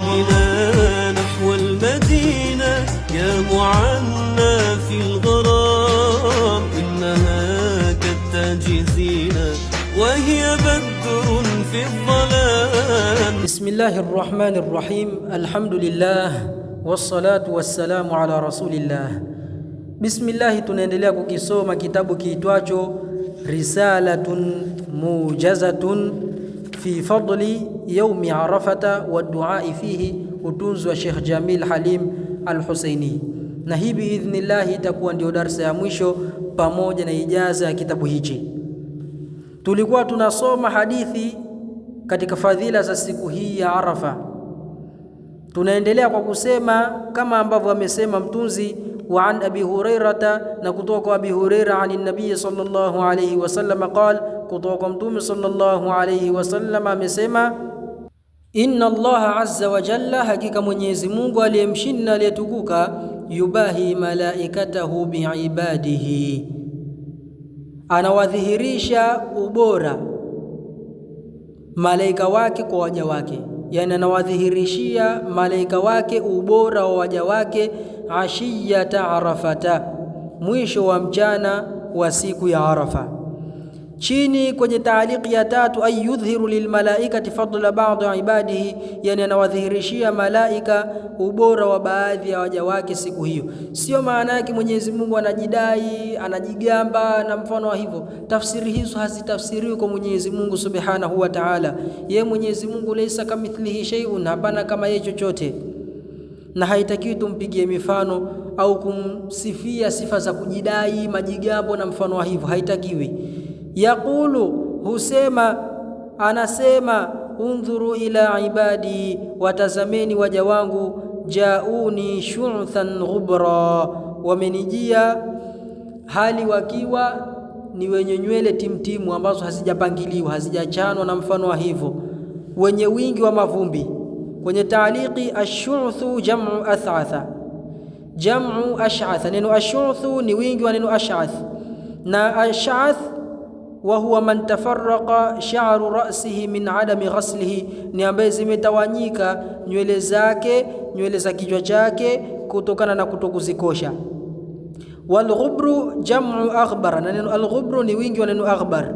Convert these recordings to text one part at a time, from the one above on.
بنا نحو المدينة يا معنى في الغرام إنها زينة وهي بدر في الظلام بسم الله الرحمن الرحيم الحمد لله والصلاة والسلام على رسول الله بسم الله tunaendelea kukisoma kitabu kiitwacho risalatun mujazatun fi fadli yaumi Arafata wa duai fihi utunzwa Sheikh Jamil Halim Al-Husaini, na hii biidhnillahi itakuwa ndio darsa ya mwisho pamoja na ijaza ya kitabu hichi. Tulikuwa tunasoma hadithi katika fadhila za siku hii ya Arafa. Tunaendelea kwa kusema kama ambavyo amesema mtunzi wa an abi hurairata, na kutoka kwa abi huraira an nabii sallallahu alayhi wasallam qal, kutoka kwa mtume sallallahu alayhi wasallam amesema Inna Allaha azza wa jalla, hakika Mwenyezi Mungu aliyemshinda na aliyetukuka, yubahi malaikatahu biibadihi, anawadhihirisha ubora malaika wake kwa waja wake, yani anawadhihirishia malaika wake ubora wa waja wake. Ashiyata arafata, mwisho wa mchana wa siku ya Arafa chini kwenye taaliki ya tatu, ay yudhhiru lilmalaikati fadla ba'd ibadihi, yani anawadhihirishia malaika ubora wa baadhi ya waja wake siku hiyo. Sio maana yake Mwenyezi Mungu anajidai anajigamba na mfano wa hivyo. Tafsiri hizo hazitafsiriwi kwa Mwenyezi Mungu subhanahu wa ta'ala. Yeye Mwenyezi Mungu laisa kamithlihi shay'un, hapana kama yeye chochote, na haitakiwi tumpigie mifano au kumsifia sifa za kujidai, majigambo na mfano wa hivyo, haitakiwi yaqulu husema anasema undhuru ila ibadi watazameni waja wangu jauni shu'than ghubra wamenijia hali wakiwa ni wenye nywele timtimu ambazo hazijapangiliwa hazijachanwa na mfano wa hivyo wenye wingi wa mavumbi kwenye taaliki ashuthu jamu athatha jamu ashath neno ashuthu ni wingi wa neno ashath na ashath wa huwa man tafarraqa sha'ru ra'sihi min adami ghaslihi, ni ambaye zimetawanyika nywele zake, nywele za kichwa chake kutokana na kutokuzikosha. Walghubru jam'u aghbar, na neno alghubru ni wingi wa neno aghbar.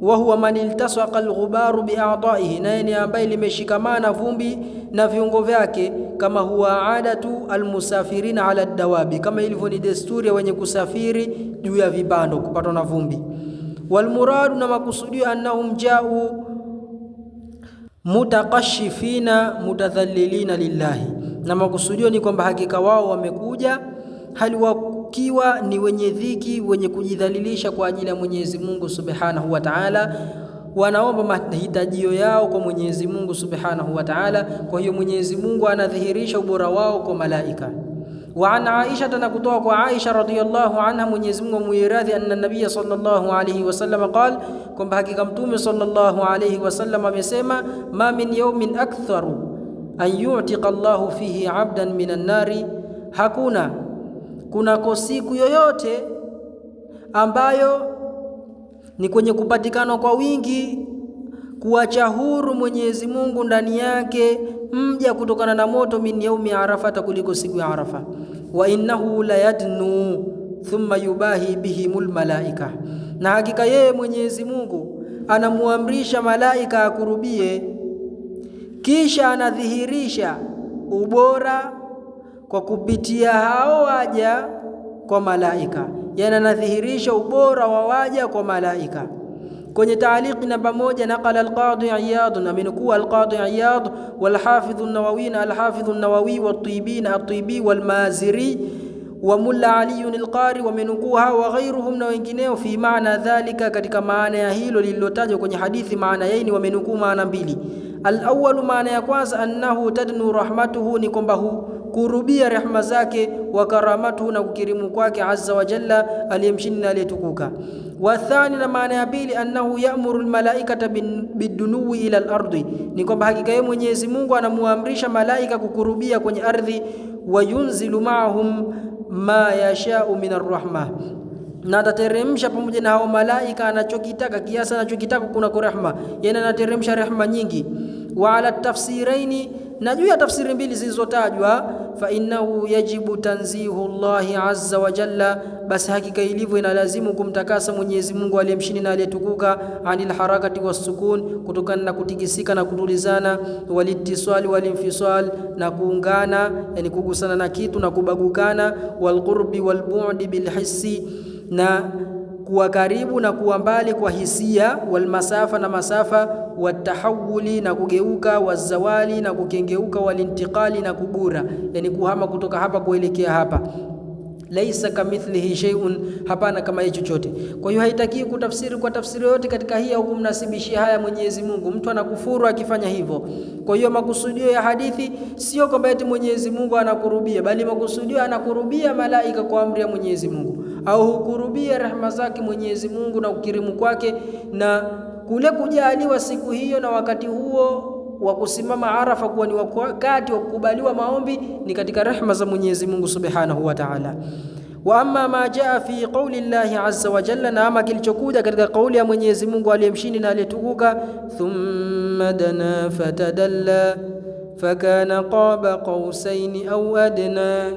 Wa huwa man iltasaqa alghubaru biadahi naye ni ambaye limeshikamana vumbi na viungo vyake, kama huwa adatu almusafirina ala dawabi, kama ilivyo ni desturi ya wenye kusafiri juu ya vibando kupatwa na vumbi walmuradu, na makusudio annahum jau mutakashifina mutadhalilina lillahi, na makusudio ni kwamba hakika wao wamekuja hali wakiwa ni wenye dhiki, wenye kujidhalilisha kwa ajili ya Mwenyezi Mungu Subhanahu wa Ta'ala wanaomba mahitajio yao kwa Mwenyezi Mungu Subhanahu wa Ta'ala. Kwa hiyo Mwenyezi Mungu anadhihirisha ubora wao kwa malaika wa an Aisha, na kutoka kwa Aisha radhiyallahu anha, Mwenyezi Mungu amuiradhi, anna nabiyya sallallahu alayhi wasallam qala, kwamba hakika mtume sallallahu alayhi wasallam amesema, ma min yawmin aktharu an yu'tiqa Allahu fihi abdan min nari, hakuna kunako siku yoyote ambayo ni kwenye kupatikana kwa wingi kuacha huru Mwenyezi Mungu ndani yake mja kutokana na moto min yaumi arafata, kuliko siku ya Arafa. Wa innahu la thumma yubahi bihimul malaika, na hakika yeye Mwenyezi Mungu anamuamrisha malaika akurubie, kisha anadhihirisha ubora kwa kupitia hao waja kwa malaika, yani anadhihirisha ubora wa waja kwa malaika Kwenye taaliki namba moja, naqala alqadi Iyad, amenukuu alqadi Iyad walhafidhu an-Nawawi na alhafidhu an-Nawawi wat-Tibi na at-Tibi wal-Maziri wa Mulla Ali alqari qari wamenukuu hawa wa ghairuhum na wengineo, fi maana dhalika, katika maana ya hilo lililotajwa kwenye hadithi. Maana yaini wamenukuu maana mbili, al-awwal, maana ya kwanza, annahu tadnu rahmatuhu, ni kwamba kurubia rehma zake wa karamatu na kukirimu kwake azza wa jalla aliyemshinda na aliyetukuka. Wa thani, na maana ya pili, annahu ya'muru almalaikata bidunuwi ila alardi, ni kwamba hakika yeye Mwenyezi Mungu anamuamrisha malaika kukurubia kwenye ardhi. Wa yunzilu maahum ma yashau min arrahma na atateremsha pamoja na hao malaika anachokitaka, kiasi anachokitaka kuna kwa rehma, yani anateremsha rehma nyingi. Wa ala tafsiraini, na juu ya tafsiri mbili zilizotajwa innahu yajibu tanzihu llahi azza wa jalla, basi hakika ilivyo inalazimu kumtakasa Mwenyezi Mungu aliyemshini na aliyetukuka, anil harakati wassukun, kutokana na kutikisika na kutulizana, walitisali walinfisal, na kuungana yani kugusana na kitu na kubagukana, walqurbi walbu'di bilhissi na kuwa karibu na kuwa mbali kwa hisia, walmasafa na masafa, watahawuli na kugeuka, wazawali na kukengeuka, walintiqali na kubura, yani kuhama kutoka hapa kuelekea hapa laisa kamithlihi shay'un, hapana kama hicho chochote. Kwa hiyo haitaki kutafsiri kwa tafsiri yoyote katika hii au kumnasibishia haya Mwenyezi Mungu. Mtu anakufuru akifanya hivyo. Kwa hiyo makusudio ya hadithi sio kwamba eti Mwenyezi Mungu anakurubia, bali makusudio anakurubia malaika kwa amri ya Mwenyezi Mungu, au hukurubia rehema zake Mwenyezi Mungu na ukirimu kwake na kule kujaliwa siku hiyo na wakati huo wa kusimama Arafa kuwa ni wakati wa kukubaliwa maombi ni katika rehma za Mwenyezi Mungu Subhanahu wa Ta'ala. Wa amma ma jaa fi qauli llahi azza wa jalla, na ama kilichokuja katika kauli ya Mwenyezi Mungu aliyemshindi na aliyetukuka. Thumma dana fatadalla fakana qaba qausaini au adna.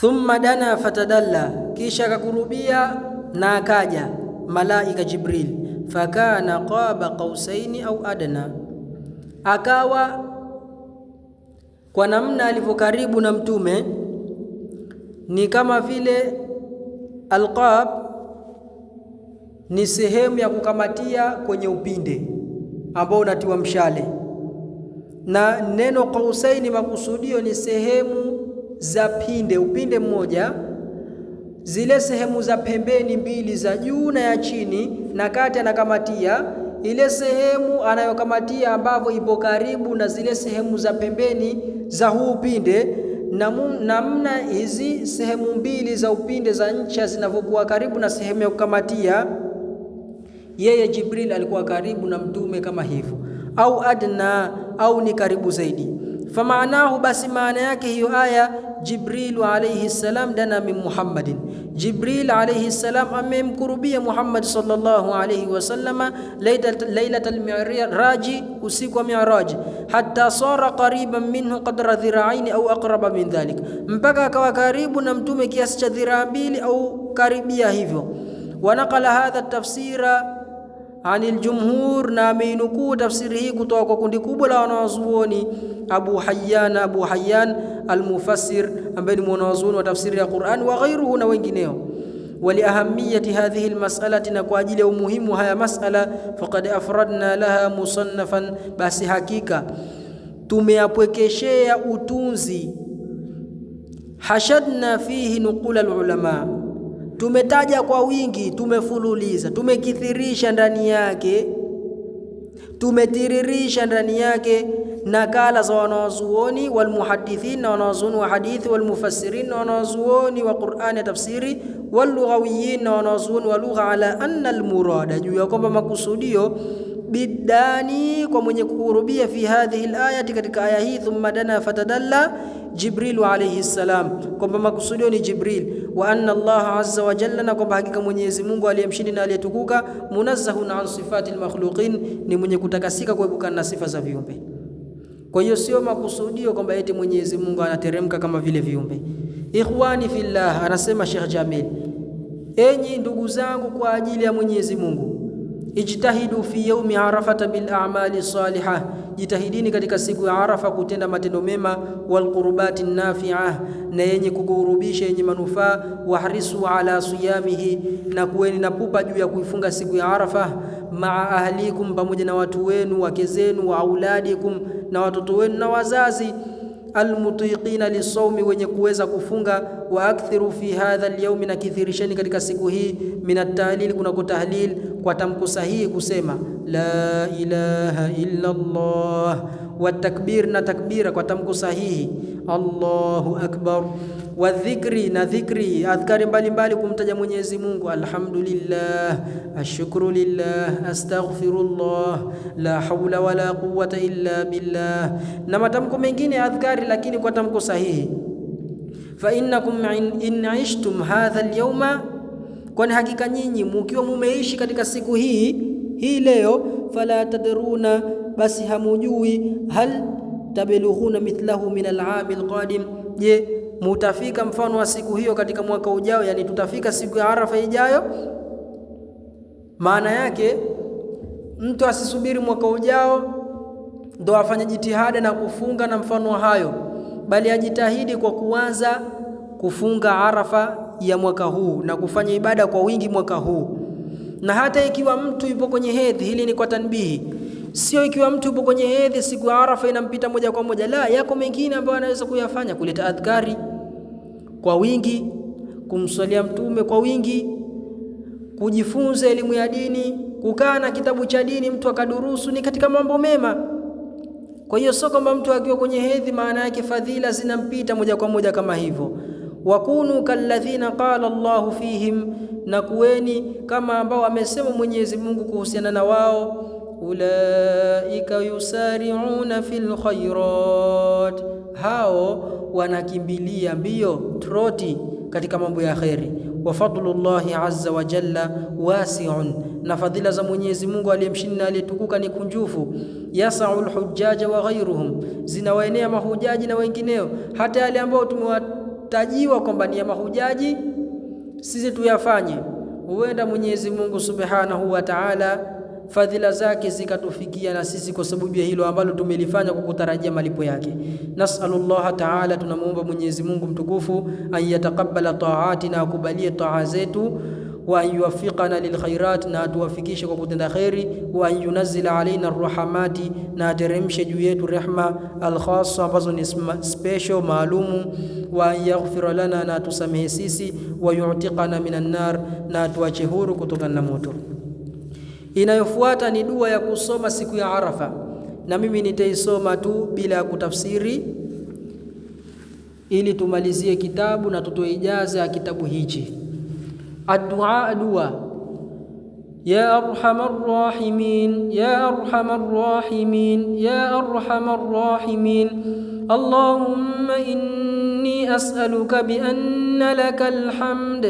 Thumma dana fatadalla, kisha akakurubia na akaja malaika Jibril, fakana qaba qausaini au adna akawa kwa namna alivyo karibu na mtume ni kama vile alqab ni sehemu ya kukamatia kwenye upinde ambao unatiwa mshale, na neno qausaini makusudio ni sehemu za pinde, upinde mmoja, zile sehemu za pembeni mbili za juu na ya chini, na kati anakamatia ile sehemu anayokamatia ambavyo ipo karibu na zile sehemu za pembeni za huu upinde namna hizi sehemu mbili za upinde za ncha zinavyokuwa karibu na sehemu ya kukamatia. Yeye Jibril alikuwa karibu na mtume kama hivyo, au adna au ni karibu zaidi. Famaanahu, basi maana yake hiyo aya Jibrilu alayhi salam dana min Muhammadin, Jibril alayhi salam amemkurubia Muhammad sallallahu alayhi wasallama lailata almiraji, usiku wa miraji. Hatta sara qariban minhu qadra dhiraaini au aqraba min dhalik, mpaka akawa karibu na mtume kiasi cha dhiraa mbili au karibia hivyo. Wanaqala hadha tafsira anil jumhur, na ameinukuu tafsiri hii kutoka kwa kundi kubwa la wanawazuoni Abu Hayyan, Abu Hayyan al-Mufassir ambaye ni mwanawazuoni wa tafsiri ya Qur'an, wa ghairuhu, na wengineo waliahamiyati hadhihi almas'alati, na kwa ajili ya umuhimu haya mas'ala, faqad afradna laha musannafan, basi hakika tumeyapwekeshea utunzi hashadna fihi nuqula alulama tumetaja kwa wingi, tumefululiza, tumekithirisha ndani yake, tumetiririsha ndani yake nakala za wanazuoni walmuhadithin na wanazuoni wa hadithi walmufassirin na wanazuoni wa Qur'ani ya tafsiri walughawiyin na wanazuoni wa lugha, ala anna almurada, juu ya kwamba makusudio bidani, kwa mwenye kukurubia, fi hadhihi alayati, katika aya hii, thumma dana fatadalla Jibrilu alayhi salam, kwamba makusudio ni Jibril, wa anna Allah azza wa jalla, na kwamba hakika Mwenyezi Mungu aliyemshindi na aliyetukuka, munazzahun an sifati almakhluqin, ni mwenye kutakasika kuepukana na sifa za viumbe. Kwa hiyo sio makusudio kwamba eti Mwenyezi Mungu anateremka kama vile viumbe. Ikhwani fillah, anasema Sheikh Jamil, enyi ndugu zangu kwa ajili ya Mwenyezi Mungu Ijtahidu fi yaumi arafata bil a'mali salihah, jitahidini katika siku ya Arafa kutenda matendo mema. Walqurbati nafi'ah, na yenye kukurubisha yenye manufaa. Wahrisu ala siyamihi, na kuweni na pupa juu ya kuifunga siku ya Arafa. Maa ahlikum, pamoja na watu wenu, wake zenu. Wa auladikum, na watoto wenu na wazazi almutiqina lisaumi, wenye kuweza kufunga. Wa akthiru fi hadha alyawmi, na kithirisheni katika siku hii. Min atahlil, kunako tahlil kwa tamko sahihi kusema la ilaha illa Allah, wa takbir na takbira kwa tamko sahihi Allahu akbar, wa dhikri na dhikri adhkari mbalimbali kumtaja Mwenyezi Mungu, alhamdulillah, ashukru lillah, astaghfirullah, la hawla wala quwwata illa billah, na matamko mengine ya adhkari, lakini kwa tamko sahihi. Fa innakum in ishtum hadha alyawma Kwani hakika nyinyi mukiwa mumeishi katika siku hii hii leo, fala tadruna, basi hamujui, hal tablughuna mithlahu min alami qadim je mutafika mfano wa siku hiyo katika mwaka ujao? Yani tutafika siku ya Arafa ijayo. Maana yake mtu asisubiri mwaka ujao ndo afanye jitihada na kufunga na mfano hayo, bali ajitahidi kwa kuanza kufunga Arafa ya mwaka huu na kufanya ibada kwa wingi mwaka huu. Na hata ikiwa mtu yupo kwenye hedhi, hili ni kwa tanbihi, sio ikiwa mtu yupo kwenye hedhi siku ya Arafa inampita moja kwa moja, la, yako mengine ambayo anaweza kuyafanya, kuleta adhkari kwa wingi, kumswalia mtume kwa wingi, kujifunza elimu ya dini, kukaa na kitabu cha dini, mtu akadurusu, ni katika mambo mema. Kwa hiyo sio kwamba mtu akiwa kwenye hedhi maana yake fadhila zinampita moja kwa moja kama hivyo wakunu kalladhina qala Allahu fihim, na kuweni kama ambao amesema Mwenyezi Mungu kuhusiana na wao. Ulaika yusari'una fil khairat, hao wanakimbilia mbio troti katika mambo ya kheri. Wa fadlullahi azza wa jalla wasi'un, na fadhila za Mwenyezi Mungu aliyemshinda na aliyetukuka ni kunjufu. Yasau lhujaja wa ghairuhum, zinawaenea mahujaji na wengineo, hata yale ambao tumewa tajiwa kwamba ni ya mahujaji sisi tuyafanye, huenda Mwenyezi Mungu Subhanahu wa Ta'ala fadhila zake zikatufikia na sisi kwa sababu ya hilo ambalo tumelifanya kwa kutarajia malipo yake. nasalullaha Ta'ala, tunamuomba Mwenyezi Mungu mtukufu an yataqabbala taatina, akubalie taa zetu wa an yuwaffiqana lilkhairat, na atuwafikishe kwa kutenda kheri. Wa an alaina rahamati, na ateremshe juu yetu rehma alkhasa ambazo ni special maalumu. Wa an yaghfira lana, na atusamehe sisi. Wa yu'tiqana minan nar, na atuache huru kutokana na moto. Inayofuata ni dua ya kusoma siku ya Arafa, na mimi nitaisoma tu bila ya kutafsiri ili tumalizie kitabu na tutoe ijaza ya kitabu hichi. Addu'a, dua ya arhamar rahimin ya arhamar rahimin ya arhamar rahimin Allahumma inni as'aluka bi anna lakal hamd.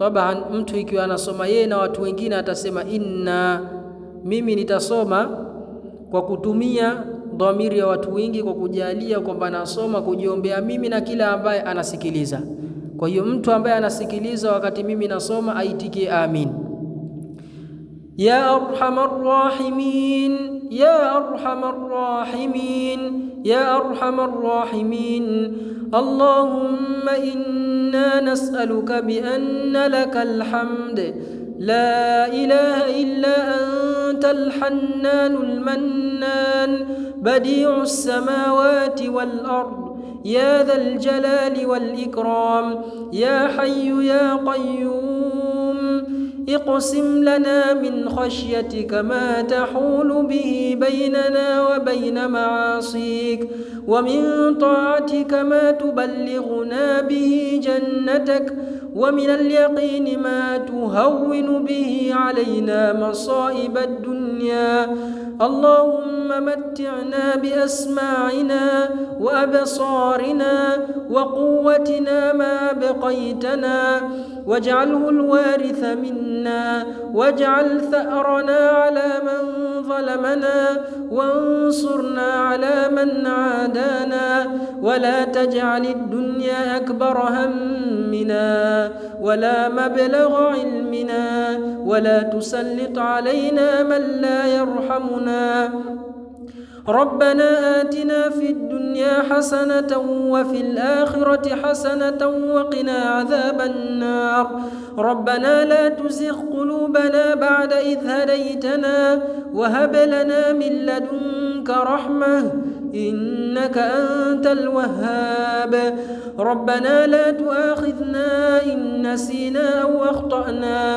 Taban, mtu ikiwa anasoma yeye na watu wengine atasema inna. Mimi nitasoma kwa kutumia dhamiri ya watu wengi, kwa kujalia kwamba nasoma kujiombea mimi na kila ambaye anasikiliza. Kwa hiyo mtu ambaye anasikiliza wakati mimi nasoma aitikie amin. Ya arhamar rahimin, ya arhamar rahimin, ya arhamar rahimin. Allahumma inna nas'aluka bi anna lakal hamd لا إله إلا أنت الحنان المنان بديع السماوات والأرض يا ذا الجلال والإكرام يا حي يا قيوم اقسم لنا من خشيتك ما تحول به بيننا وبين معاصيك ومن طاعتك ما تبلغنا به جنتك ومن اليقين ما تهون به علينا مصائب الدنيا اللهم متعنا بأسماعنا وأبصارنا وقوتنا ما بقيتنا واجعله الوارث منا واجعل ثأرنا على من ظلمنا وانصرنا على من عادانا ولا تجعل الدنيا أكبر همنا ولا مبلغ علمنا ولا تسلط علينا من لا يرحمنا ربنا ربنا آتنا في الدنيا حسنة وفي الآخرة حسنة وقنا عذاب النار ربنا لا تزغ قلوبنا بعد إذ هديتنا وهب لنا من لدنك رحمة إنك أنت الوهاب ربنا لا تؤاخذنا إن نسينا أو أخطأنا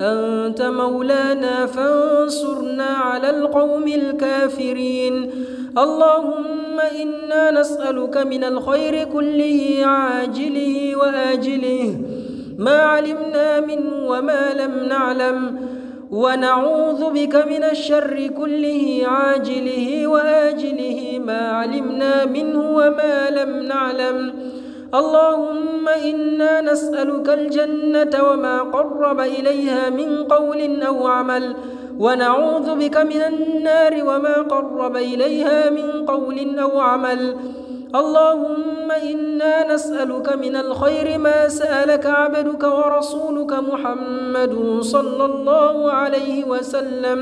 أنت مولانا فانصرنا على القوم الكافرين اللهم إنا نسألك من الخير كله عاجله وآجله ما علمنا منه وما لم نعلم ونعوذ بك من الشر كله عاجله وآجله ما علمنا منه وما لم نعلم اللهم إنا نسألك الجنة وما قرب إليها من قول أو عمل ونعوذ بك من النار وما قرب إليها من قول أو عمل اللهم إنا نسألك من الخير ما سألك عبدك ورسولك محمد صلى الله عليه وسلم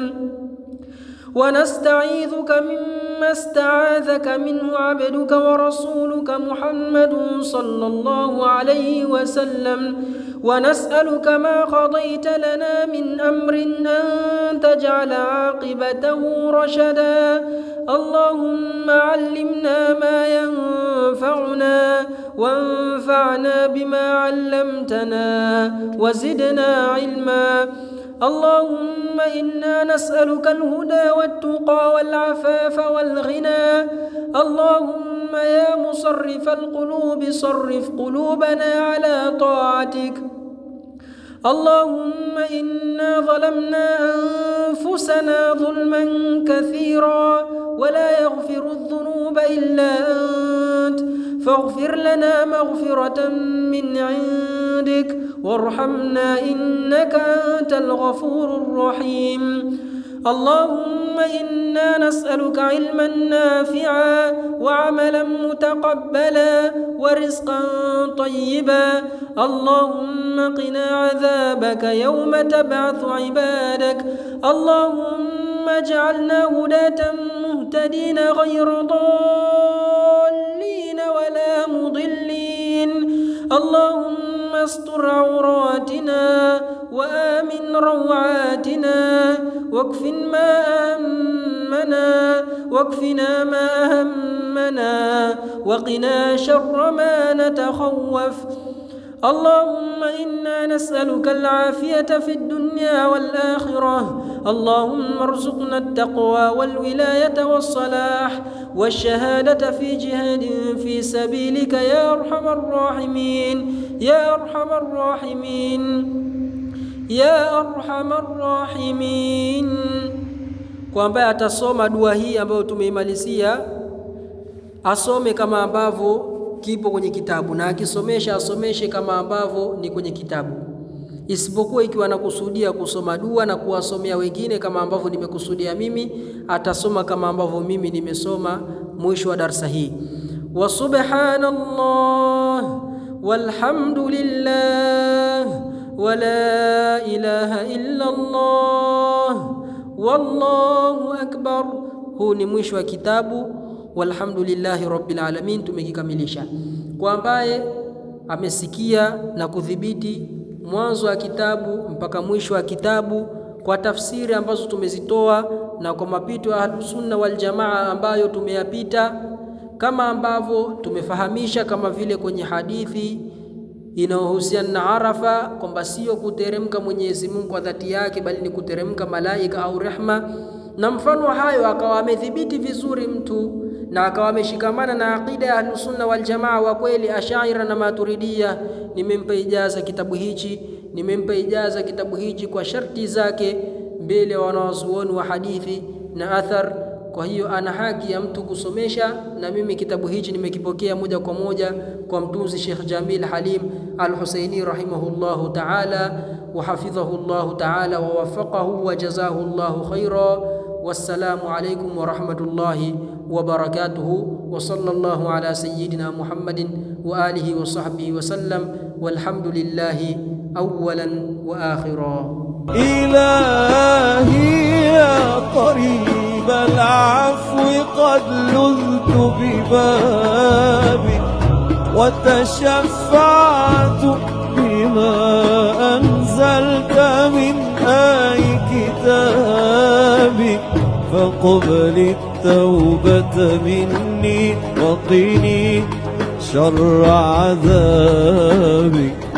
ونستعيذك من ما استعاذك منه عبدك ورسولك محمد صلى الله عليه وسلم ونسألك ما قضيت لنا من أمر أن تجعل عاقبته رشدا اللهم علمنا ما ينفعنا وانفعنا بما علمتنا وزدنا علما اللهم إنا نسألك الهدى والتقى والعفاف والغنى اللهم يا مصرف القلوب صرف قلوبنا على طاعتك اللهم إنا ظلمنا أنفسنا ظلما كثيرا ولا يغفر الذنوب إلا أنت فاغفر لنا مغفرة من عندك وارحمنا إنك أنت الغفور الرحيم اللهم إنا نسألك علما نافعا وعملا متقبلا ورزقا طيبا اللهم قنا عذابك يوم تبعث عبادك اللهم اجعلنا هداة مهتدين غير ضالين مضلين اللهم استر عوراتنا وآمن روعاتنا واكفن ما أهمنا واكفنا ما أهمنا وقنا شر ما نتخوف اللهم إنا نسألك العافية في الدنيا والآخرة اللهم ارزقنا التقوى والولاية والصلاح والشهادة في جهاد في سبيلك يا أرحم الراحمين يا أرحم الراحمين يا أرحم الراحمين كما تصوم دوهي أبو hii ambayo كما أبو kipo kwenye kitabu na akisomesha asomeshe kama ambavyo ni kwenye kitabu, isipokuwa ikiwa anakusudia kusoma dua na kuwasomea wengine kama ambavyo nimekusudia mimi, atasoma kama ambavyo mimi nimesoma. Mwisho wa darsa hii, wa subhanallah walhamdulillah wala ilaha illa Allah wallahu akbar. Huu ni mwisho wa kitabu walhamdulillahi rabbil alamin, tumekikamilisha. Kwa ambaye amesikia na kudhibiti mwanzo wa kitabu mpaka mwisho wa kitabu kwa tafsiri ambazo tumezitoa na kwa mapito ya Ahlusunna wal Jamaa ambayo tumeyapita, kama ambavyo tumefahamisha, kama vile kwenye hadithi inayohusiana na Arafa kwamba sio kuteremka Mwenyezi Mungu kwa dhati yake, bali ni kuteremka malaika au rehma na mfano hayo, akawa amedhibiti vizuri mtu na akawa ameshikamana na aqida ya Ahlusunna Waljamaa wa kweli, Ashaira na Maturidia. Nimempa ijaza kitabu hichi, nimempa ijaza kitabu hichi kwa sharti zake mbele ya wanawazuoni wa hadithi na athar. Kwa hiyo ana haki ya mtu kusomesha, na mimi kitabu hichi nimekipokea moja kwa moja kwa mtunzi Sheikh Jamil Halim Al-Husaini rahimahullahu ta'ala wa hafidhahu llahu ta'ala wa wafaqahu wa jazahu llahu khaira. Wassalamu alaykum wa rahmatullahi وبركاته وصلى الله على سيدنا محمد وآله وصحبه وسلم والحمد لله أولا وآخرا إلهي يا قريب العفو قد لذت ببابك وتشفعت بما أنزلت من آي كتابك فقبلت التوبة مني وقني شر عذابك